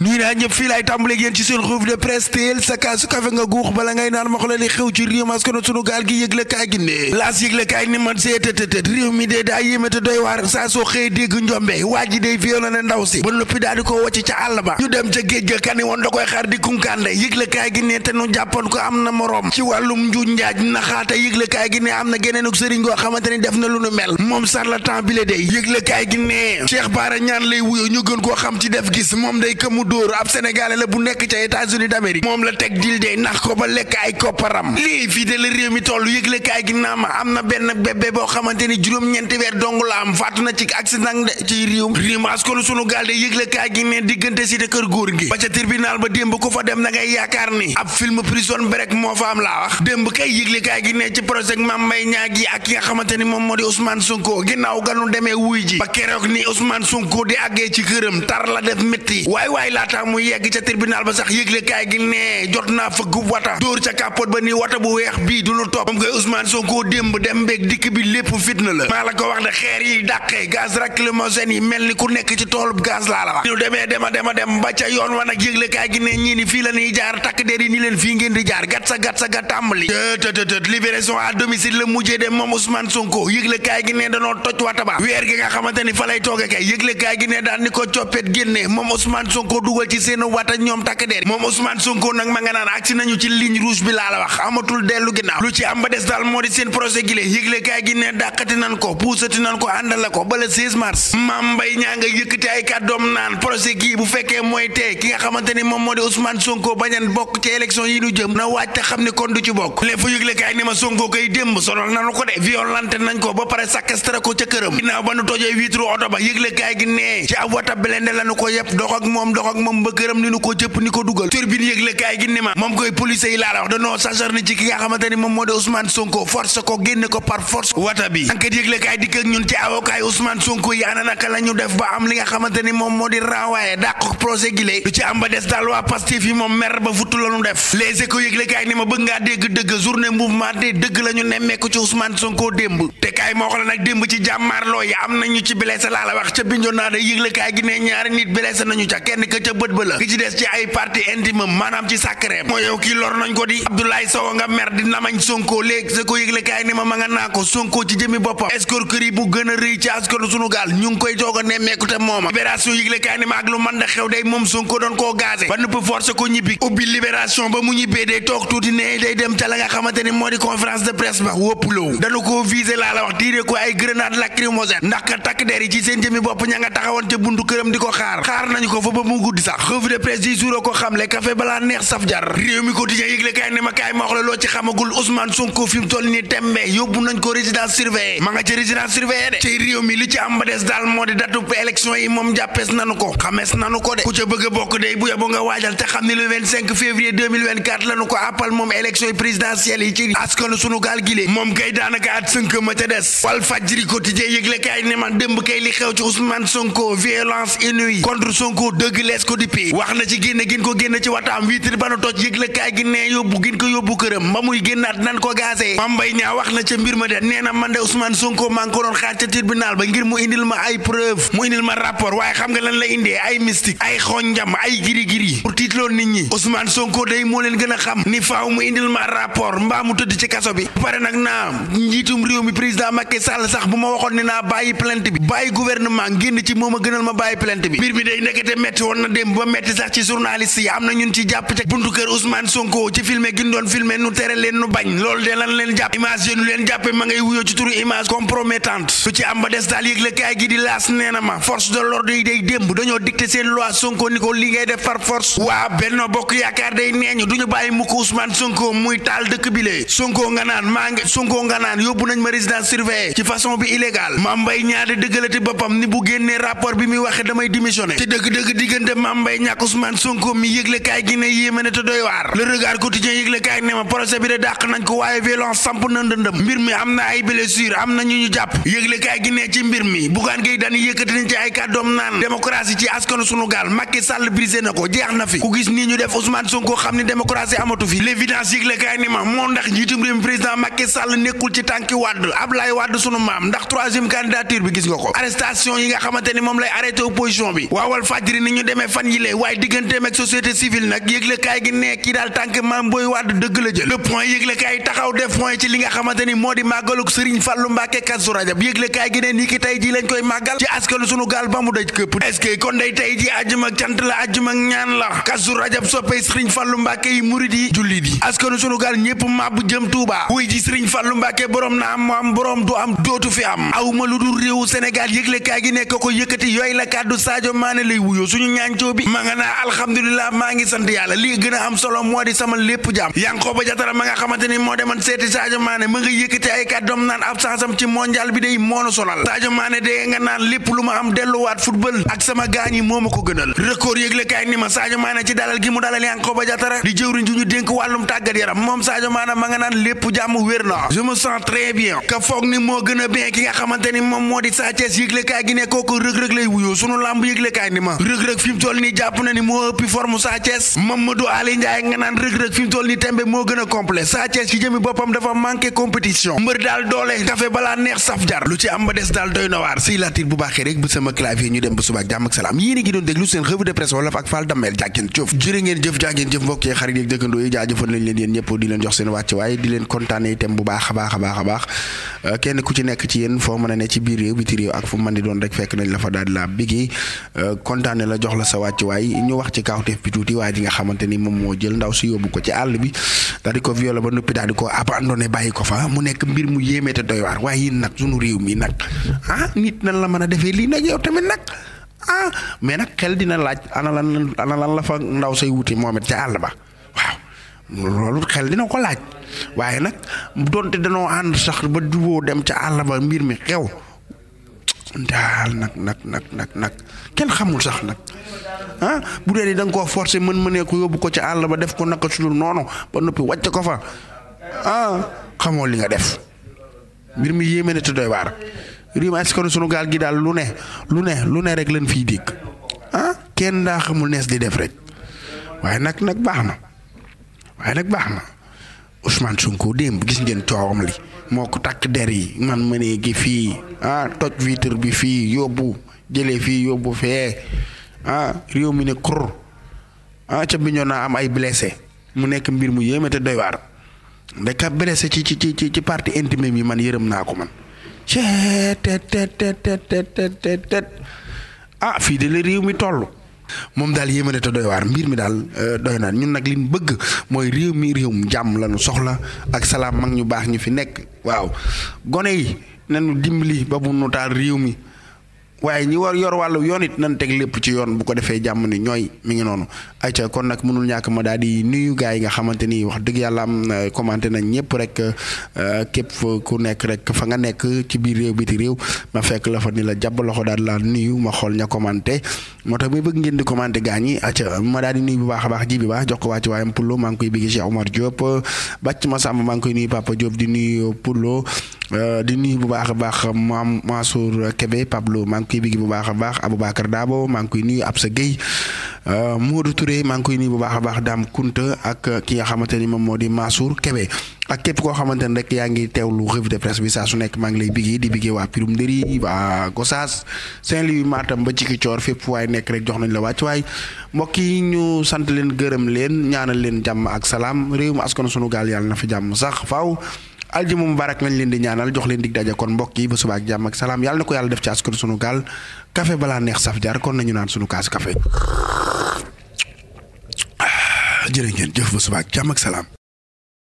nuy naa ñëpp fii laay tàmbaleeg ci seen revue de presse teel sa kaasu kafe nga guux bala ngay naan ma xew ci réew mi sunu gaal gi yëgle gi ne laas si ba gi ne te nu jàppoon ko am na moroom ci wàllum njuuj njaaj naxaate yëgle kaay gi ne am na geneen sëriñ goo xamante ni def na lu nu mel moom charlatan bi la day gi ne Cheikh Bara Ñaan lay wuyo ñu gën koo xam ci def gis moom day këmu mu dóor ab sénégalais la bu nekk ca États-Unis moom la teg dil dey nax ko ba lekk ay kopparam lii fii de la réew mi toll yëgle kaay gi am na benn bébé boo xamante ni juróom-ñeenti weer la am na ci accident de ci réew réew sunu gaal de yëgle kaay gi ne diggante si te kër góor gi ba ca tribunal ba démb ko fa dem da ngay yaakaar ni ab film prison moo fa am laa wax démb kay yëgle gi ne ci projet Mame Mbaye Niang gi ak ki nga xamante ni moom moo di Ousmane Sonko ginnaaw ganu demee wuy ji ba keroog ni Ousmane Sonko di àggee ci këram tar la def métti waay waay laata mu yegg ca tribunal ba sax yëglekaay gi ne jot naa fëgg wata dóor ca kàppoot ba ni wata bu weex bii du nu topp moom koy Ousmane Sonko démb dem beeg dikk bi lépp fitna la maa la ko wax de xeer yi dàqee gaz lacrymogène yi mel ni la wax ñu demee dema ni fii la ñuy jaar di jaar ga tàmbali tëtëtët libération à domicile la mujjee dem moom Ousmane Sonko yëglekaay gi ne danoo toj wata ba weer gi nga xamante fa lay tooge kay yëglekaay gi ne daal ko coppet génne moom Ousmane Sonko dugal ci seen wata ñoom takk der moom Ousmane Sonko nag ma nga naan agsi nañu ci ligne rouge bi laa la wax amatul dellu ginnaaw lu ci am ba des daal moo di seen procès gi bu fekkee mooy ki nga xamante moom moo di Ousmane Sonko bañan bokk ci élection yi ñu jëm na waaj te xam ne kon du ci bokk lépp fu yëglekaay ni ma Sonko koy démb sonal nanu ko de violente nañ ko ba pare sakkestre ko ca këram ginnaaw ba nu tojee vitre oto ba yëglekaay gi ne ak moom ba këram ni nu ko jëpp ni ko dugal turbine yëgle kaay ma moom koy police yi laa la wax dañoo s'acharné ci ki nga xamante moom moo di Ousmane Sonko force ko génne ko par force wata bi enquête yëgle dikk ak ñun ci avocat yi Ousmane yi ana naka def ba am li nga xamante moom moo di renvoyé dàq procès gi lu ci am ba des daal waa Pastef yi moom mer ba futt la def les échos yëgle ni ma bëgg ngaa dégg dëgg journée ca bët ba la ki ci des ci ay parti intime maanaam ci sacré mooy yow kii lor nañ ko di Abdoulaye Sow nga mer di namañ Sonko léegi sa ko yëgle kaay ne ma ma nga naa ko Sonko ci jëmi boppam gën a rëy ci askanu sunu gaal ñu ngi koy joog a nemmeeku te mooma libération yëgle kaay ne ma ak lu man da xew day moom Sonko doon koo gaase ba nëpp forcé ko ñibbi ubbi libération ba mu ñibbee day toog tuuti ne day dem ca la nga xamante ni moo di conférence de presse ba wópp loowu dañu ko visé laa la wax tiire ko ay grenade lacrymogène ndax ka di ko xaar xaar guddi sax revue de presse di jour ko xamle café balaa neex saf jar mi quotidien yëgle kaay ne ma kay daanaka at sënk ma ca des wal fajri quotidien yëgle kaay ne ma démb kay li xew ci Ousmane Sonko violence inouïe contre Sonko dëgg lees lees ko dippee wax na ci génne gin ko génne ci wataam wiitir bana toj yëgle kaay gi ne yóbbu gin ko yóbbu këram ba muy génnaat nan ko gaasee mambay ma ko doon xaar ca tribunal ba mu indil ma rapport waaye xam nga lan la indee ay mystique ay xonjam ay giri-giri pour tiitloon nit ñi Ousmane Sonko day moo leen gën a xam ni faaw mu indil ma rapport mbaa mu tëdd ci kaso bi pare nag naa njiitum réew mi président Macky Sall sax bu ma waxoon ne naa bàyyi plainte bi bàyyi gouvernement génn ci moom a gënal ma bàyyi bi démb ba metti sax ci journaliste yi am na ñun ci jàpp ca buntu kër Ousmane Sonko ci filmé gi ñu doon filmé nu tere leen nu bañ loolu de lan leen jàpp image yi leen jàppe ma ngay wuyoo ci turu image compromettante lu ci am ba des daal yëgle kaay gi di laas nee ma force de l'ordre yi day démb dañoo dicté seen loi Sonko ni ko li ngay def par force waa Benno Bokk Yaakaar day neeñu duñu bàyyi mukk Ousmane Sonko muy taal dëkk bi lee Sonko nga naan diggante Mame Mbaye Niang Ousmane mi yëglekaay gi ne yéeme ne te doy waar le regard quotidien yëglekaay ne ma procès bi de dàq nañ ko waaye violence samp na ndëndëm mbir mi am na ay blessure am na ñu jàpp yëglekaay gi ne ci mbir mi bugaan ngay daan yëkkati ci ay kàddoom naan démocratie ci askanu sunu gaal Macky Sall brisé na ko jeex na fi ku gis nii ñu def Ousmane Sonko xam ni démocratie amatu fi l'évidence yëglekaay ne ma moo ndax njiitum réew mi président Macky Sall nekkul ci tànki Wade bi gis ko yi nga xamante ni moom lay arrêté amee fan yi lee waaye digganteem ak société civile nag yëgle gi ne la jël le point yëgle kaay taxaw def point ci li ko yëkkati yooyu la kàddu Sadio Mané lay wuyoo suñu ñaan Ndiagne Diop ma nga naa alhamdulilah maa ngi sant yàlla lii gën a am solo moo di sama lépp jaam Yankhoba Diattara ma nga xamante ni moo demoon am ci mondial bi day moonu sonal Sadio Mané ko gënal record yëgle ni ma Sadio Mané ci dalal gi mu dalal Yankhoba Diattara di jëwriñ ju ñu dénk wàllum tàggat yaram moom ma nga na je me sens moo a bien ki nga xamante ni moo di Sa Thiès yëgle gi ne kooku rëg-rëg lay wuyoo sunu làmb yëgle kaay ma rëg-rëg fi toll nii jàpp na ni moo ëppi forme Sa Thiès Mamadou Ali Ndiaye nga naan rëg-rëg fi mu toll tembe moo gën a complet Sa Thiès ci jëmi boppam dafa manqué compétition mbër daal doole kafe balaa neex saf lu ci am ba des daal doy na waar si latir bu baaxee rek bu sama clavier ñu dem ba a ngi doon déglu seen revue de presse wolof ak Fall Damel jàggeen jëf jërë ngeen jëf jàggeen jëf mbokk xarit yi jaajëfal nañ leen yéen ñëpp di leen jox seen di leen kontaane a baax a a euh, sa wàccuwaay ñu wax ci kaawteef bi tuuti waaye ji nga xamante ni moom moo jël ndaw si yóbbu ko ci àll bi daal di ko violé ba noppi daal di ko abandonné bàyyi ko fa mu nekk mbir mu yéeme te doy waar waaye yéen nag sunu réew mii nag ah nit nan la mën a defee lii nag yow tamit nag ah mais nag xel dina laaj ana lan ana lan la fa ndaw say wuti moom it ca àll ba waaw loolu xel dina ko laaj waaye nag donte danoo ànd sax ba duwoo dem ca àll ba mbir mi xew. ndaal nag nag nag nag nag kenn xamul sax nag ah bu dee ni da koo forcé mën mënee ko yóbbu ko ci àll ba def ko naka sudul noonu ba noppi wàcc ko fa ah xamoo li nga def mbir mu yéeme na te doy waar rime askanu sunu gaal gi daal lu ne lu ne lu ne rek leen fiy dégg ah kenn daa xamul nees di def rek waaye nag nag baax na waaye nag baax na Ousmane Sonko démb gis ngeen coowam li moo ko takk der yi man mënee gi fii ah toj vitre bi fii yóbbu jële fii yóbbu fee ah réew mi ne kur ah ca biñoo naa am ay blessé mu nekk mbir mu yéeme te doy waar ndeka blessé ci ci ci ci partie intime yi man yërëm naa ko man ceet tet tet tet tet tet ah fii de la réew mi toll moom daal yéema ne te doy waar mbir mi daal euh, doy naan ñun nag li mu bëgg mooy réew mi réewum jàmm la ñu soxla ak salaam mag ñu baax ñu fi nekk waaw gone yi nañu dimbali ba bu nu taal réew mi. waaye ñi war yor wàllu yoon it nan teg lépp ci yoon bu ko defee jàmm ni ñooy mi ngi noonu ayca kon nag mënul ñàkk ma daal di nuyu gars yi nga xamante ni wax dëgg yàlla am euh, commenté nañ ñëpp rek euh, képp ku nekk rek fa nga nekk ci biir réew biti réew ma fekk la fa ni la jàpp loxo daal laa nuyu ma xool ña commenté moo tax muy bëgg ngeen di commenté gars ñi ayca ma daal di nuyu bu baax a baax ji bi baax jox ko wàcc waayam Pullo maa ngi koy bégg Cheikh Omar Diop euh, bàcc ma sàmm maa ngi koy nuyu Papa Diop di nuyu Pullo di nuyu bu baax a baax maam Mansour Kébé Pablo maa koy bigi bu baax a baax Aboubacar Dabo maa ngi koy nuyu Absa Gueye euh, Modou Touré maa ngi koy nii bu baax a baax Dame Kunta ak ki nga xamante ni moom moo di Massour Kébé ak képp koo xamante ne rek yaa ngi teewlu revue de presse bi saa su nekk maa ngi lay biggee di biggee waa Pirum Ndëri waa Gosaas saint maatam Matam ba ci Kicoor fépp waaye nekk rek jox nañ la wàcc waay mbokk yi ñu sant leen gërëm leen ñaanal leen jàmm ak salaam réew mi askan sunu gaal yàlla na fi jàmm sax faaw aljuma mubarak nañ leen di ñaanal jox leen dig daje kon mbokk yi ba suba ak jàmm ak salaam yàlla na ko yàlla def ci askan sunu gaal café balaa neex saf jaar kon nañu naan sunu kaas café ah, jërë ngeen jëf ak jàmm salaam